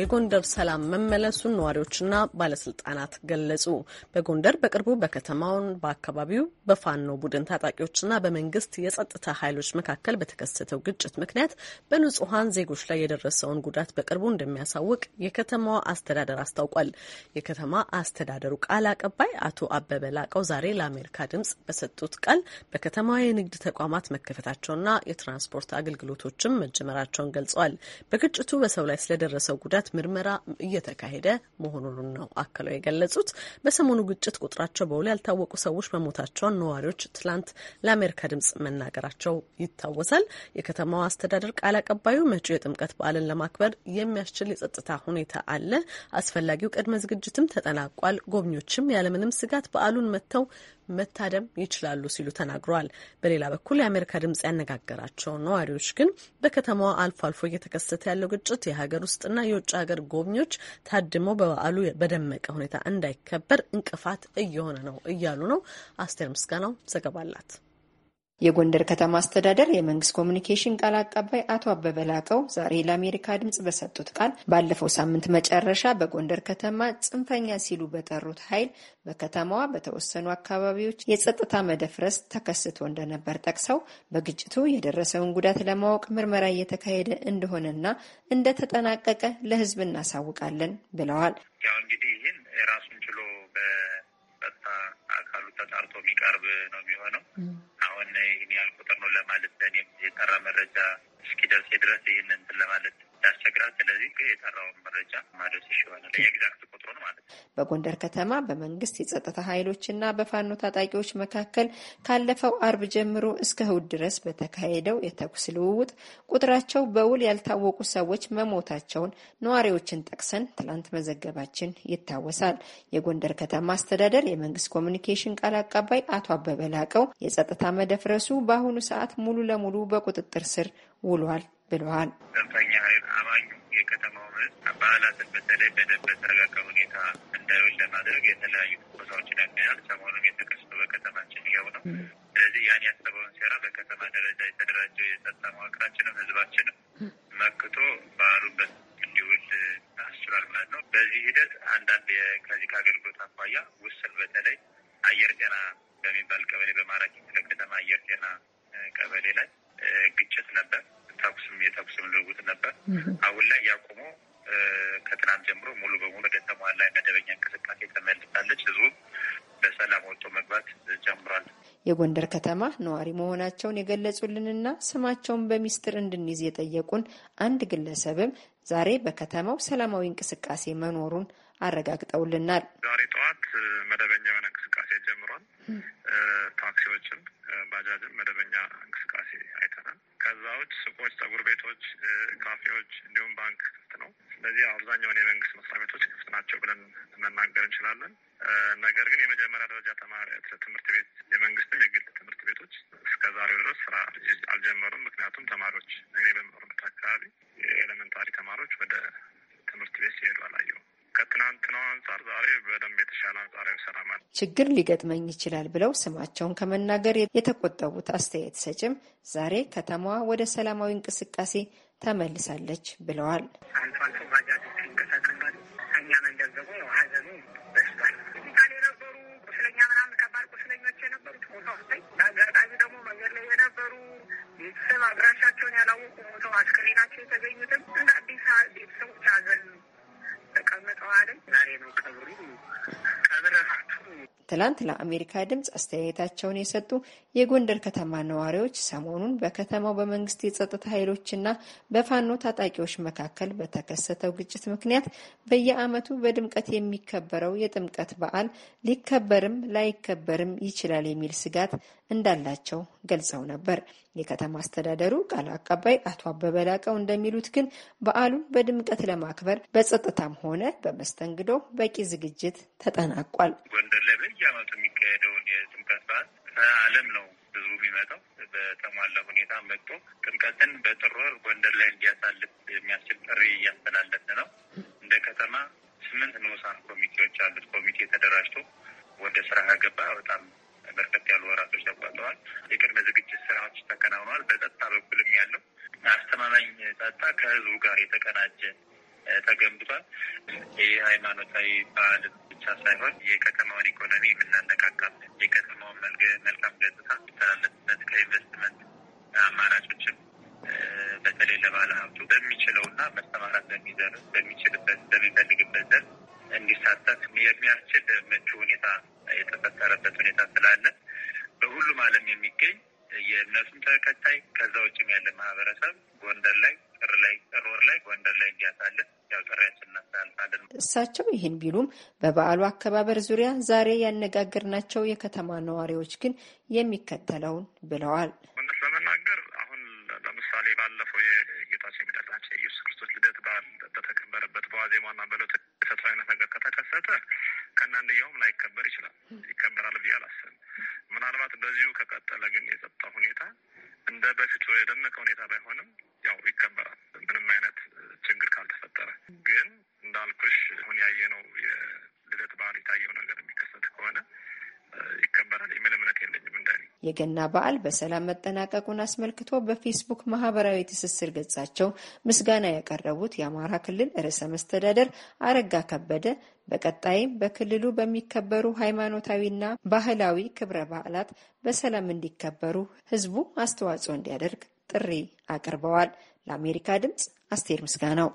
የጎንደር ሰላም መመለሱን ነዋሪዎችና ባለስልጣናት ገለጹ። በጎንደር በቅርቡ በከተማውን በአካባቢው በፋኖ ቡድን ታጣቂዎችና በመንግስት የጸጥታ ኃይሎች መካከል በተከሰተው ግጭት ምክንያት በንጹሐን ዜጎች ላይ የደረሰውን ጉዳት በቅርቡ እንደሚያሳውቅ የከተማዋ አስተዳደር አስታውቋል። የከተማ አስተዳደሩ ቃል አቀባይ አቶ አበበ ላቀው ዛሬ ለአሜሪካ ድምጽ በሰጡት ቃል በከተማዋ የንግድ ተቋማት መከፈታቸውና የትራንስፖርት አገልግሎቶችም መጀመራቸውን ገልጸዋል። በግጭቱ በሰው ላይ ስለደረሰው ጉዳት ጉዳት ምርመራ እየተካሄደ መሆኑን ነው አክለው የገለጹት። በሰሞኑ ግጭት ቁጥራቸው በውል ያልታወቁ ሰዎች መሞታቸውን ነዋሪዎች ትላንት ለአሜሪካ ድምጽ መናገራቸው ይታወሳል። የከተማዋ አስተዳደር ቃል አቀባዩ መጪው የጥምቀት በዓልን ለማክበር የሚያስችል የጸጥታ ሁኔታ አለ፣ አስፈላጊው ቅድመ ዝግጅትም ተጠናቋል፣ ጎብኚዎችም ያለምንም ስጋት በዓሉን መጥተው መታደም ይችላሉ ሲሉ ተናግረዋል። በሌላ በኩል የአሜሪካ ድምጽ ያነጋገራቸው ነዋሪዎች ግን በከተማዋ አልፎ አልፎ እየተከሰተ ያለው ግጭት የሀገር ውስጥና የውጭ ሀገር ጎብኚዎች ታድመው በበዓሉ በደመቀ ሁኔታ እንዳይከበር እንቅፋት እየሆነ ነው እያሉ ነው። አስቴር ምስጋናው ዘገባ አላት። የጎንደር ከተማ አስተዳደር የመንግስት ኮሚኒኬሽን ቃል አቀባይ አቶ አበበ ላቀው ዛሬ ለአሜሪካ ድምጽ በሰጡት ቃል ባለፈው ሳምንት መጨረሻ በጎንደር ከተማ ጽንፈኛ ሲሉ በጠሩት ኃይል በከተማዋ በተወሰኑ አካባቢዎች የጸጥታ መደፍረስ ተከስቶ እንደነበር ጠቅሰው በግጭቱ የደረሰውን ጉዳት ለማወቅ ምርመራ እየተካሄደ እንደሆነና እንደተጠናቀቀ ለህዝብ እናሳውቃለን ብለዋል። ያው እንግዲህ ይህን ራሱን ችሎ በጸጥታ አካሉ ተጣርቶ የሚቀርብ ነው የሚሆነው ጠራ መረጃ እስኪደርስ ድረስ ይህንን ለማለት ያስቸግራል። ስለዚህ የጠራውን መረጃ ማድረስ ይሆናል። ኤግዛክት በጎንደር ከተማ በመንግስት የጸጥታ ኃይሎችና በፋኖ ታጣቂዎች መካከል ካለፈው አርብ ጀምሮ እስከ እሁድ ድረስ በተካሄደው የተኩስ ልውውጥ ቁጥራቸው በውል ያልታወቁ ሰዎች መሞታቸውን ነዋሪዎችን ጠቅሰን ትላንት መዘገባችን ይታወሳል። የጎንደር ከተማ አስተዳደር የመንግስት ኮሚኒኬሽን ቃል አቀባይ አቶ አበበ ላቀው የጸጥታ መደፍረሱ በአሁኑ ሰዓት ሙሉ ለሙሉ በቁጥጥር ስር ውሏል ብለዋል። የከተማውን ሕዝብ በዓላትን በተለይ በደንብ በተረጋጋ ሁኔታ እንዳይውል ለማድረግ የተለያዩ ትንኮሳዎችን ያገኛል። ሰሞኑን የተከሰቱ በከተማችን ይኸው ነው። ስለዚህ ያን ያሰበውን ሴራ በከተማ ደረጃ የተደራጀው የጸጥታ መዋቅራችንም ህዝባችንም መክቶ በዓሉበት እንዲውል አስችሏል ማለት ነው። በዚህ ሂደት አንዳንድ ከዚህ ከአገልግሎት አኳያ ውስን በተለይ አየር ጤና በሚባል ቀበሌ በማራኪ ክፍለ ከተማ አየር ጤና ቀበሌ ላይ ግጭት ነበር። ተኩስም የተኩስም ልውውጥ ነበር። አሁን ላይ ያቆሞ ከትናንት ጀምሮ ሙሉ በሙሉ ወደ ተሟላ መደበኛ እንቅስቃሴ ተመልሳለች። ህዝቡም በሰላም ወጥቶ መግባት ጀምሯል። የጎንደር ከተማ ነዋሪ መሆናቸውን የገለጹልንና ስማቸውን በሚስጥር እንድንይዝ የጠየቁን አንድ ግለሰብም ዛሬ በከተማው ሰላማዊ እንቅስቃሴ መኖሩን አረጋግጠውልናል። ዛሬ ጠዋት መደበኛ የሆነ እንቅስቃሴ ጀምሯል። ታክሲዎችም ባጃጅም መደበኛ እንቅስቃሴ አይተ ከዛ ሱቆች፣ ጸጉር ቤቶች፣ ካፌዎች እንዲሁም ባንክ ክፍት ነው። ስለዚህ አብዛኛውን የመንግስት መስሪያ ቤቶች ክፍት ናቸው ብለን መናገር እንችላለን። ነገር ግን የመጀመሪያ ደረጃ ተማሪ ትምህርት ቤት የመንግስትም የግል ትምህርት ቤቶች እስከ ዛሬው ድረስ ስራ አልጀመሩም። ምክንያቱም ተማሪዎች እኔ በምሩ የምንሰራ ማለት ችግር ሊገጥመኝ ይችላል ብለው ስማቸውን ከመናገር የተቆጠቡት አስተያየት ሰጭም ዛሬ ከተማዋ ወደ ሰላማዊ እንቅስቃሴ ተመልሳለች ብለዋል። ትላንት ለአሜሪካ ድምፅ አስተያየታቸውን የሰጡ የጎንደር ከተማ ነዋሪዎች ሰሞኑን በከተማው በመንግስት የጸጥታ ኃይሎችና በፋኖ ታጣቂዎች መካከል በተከሰተው ግጭት ምክንያት በየዓመቱ በድምቀት የሚከበረው የጥምቀት በዓል ሊከበርም ላይከበርም ይችላል የሚል ስጋት እንዳላቸው ገልጸው ነበር። የከተማ አስተዳደሩ ቃል አቀባይ አቶ አበበ ላቀው እንደሚሉት ግን በዓሉን በድምቀት ለማክበር በጸጥታም ሆነ በመስተንግዶ በቂ ዝግጅት ተጠናቋል። ጎንደር ላይ በየዓመቱ የሚካሄደውን የጥምቀት በዓል ከዓለም ነው ብዙ የሚመጣው በተሟላ ሁኔታ መጥቶ ጥምቀትን በጥር ወር ጎንደር ላይ እንዲያሳልፍ የሚያስችል ጥሪ እያስተላለፍ ነው። እንደ ከተማ ስምንት ንዑሳን ኮሚቴዎች አሉት። ኮሚቴ ተደራጅቶ ወደ ስራ ገባ። በጣም በርከት ያሉ ወራቶች የቅድመ ዝግጅት ስራዎች ተከናውነዋል። በጸጥታ በኩልም ያለው አስተማማኝ ጸጥታ ከህዝቡ ጋር የተቀናጀ ተገንብቷል። ይህ ሃይማኖታዊ በዓል ብቻ ሳይሆን የከተማውን ኢኮኖሚ የምናነቃቃበት የከተማውን መልካም ገጽታ ተላለፍነት ከኢንቨስትመንት አማራጮችም በተለይ ለባለ ሀብቱ በሚችለውና መሰማራት በሚዘር በሚችልበት በሚፈልግበት ዘር እንዲሳተፍ የሚያስችል ምቹ ሁኔታ የተፈጠረበት ሁኔታ ስላለ በሁሉም ዓለም የሚገኝ የእነሱም ተከታይ ከዛ ውጭም ያለ ማህበረሰብ ጎንደር ላይ ጥር ላይ ጥር ወር ላይ ጎንደር ላይ እንዲያሳልፍ ያው ጥሪያችን እናስተላልፋለን። እሳቸው ይህን ቢሉም በበዓሉ አከባበር ዙሪያ ዛሬ ያነጋገርናቸው የከተማ ነዋሪዎች ግን የሚከተለውን ብለዋል። እውነት ለመናገር አሁን ለምሳሌ ባለፈው የጌታችን የመድኃኒታችን የኢየሱስ ክርስቶስ ልደት በዓል በተከበረበት በዋዜማና በለት የተሰጠ አይነት ነገር ከተከሰተ ከእናንድ ያውም ላይከበር ይችላል። ይከበራል ብዬ አላስብም። ምናልባት በዚሁ ከቀጠለ ግን የጸጥታ ሁኔታ እንደ በፊቱ የደመቀ ሁኔታ ባይሆንም ያው ይከበራል። ምንም አይነት ችግር ካልተፈጠረ ግን እንዳልኩሽ አሁን ያየነው የልደት በዓል የታየው ነገር የሚከሰት ከሆነ የገና በዓል በሰላም መጠናቀቁን አስመልክቶ በፌስቡክ ማህበራዊ ትስስር ገጻቸው ምስጋና ያቀረቡት የአማራ ክልል ርዕሰ መስተዳደር አረጋ ከበደ በቀጣይም በክልሉ በሚከበሩ ሃይማኖታዊና ባህላዊ ክብረ በዓላት በሰላም እንዲከበሩ ህዝቡ አስተዋጽኦ እንዲያደርግ ጥሪ አቅርበዋል። ለአሜሪካ ድምጽ አስቴር ምስጋናው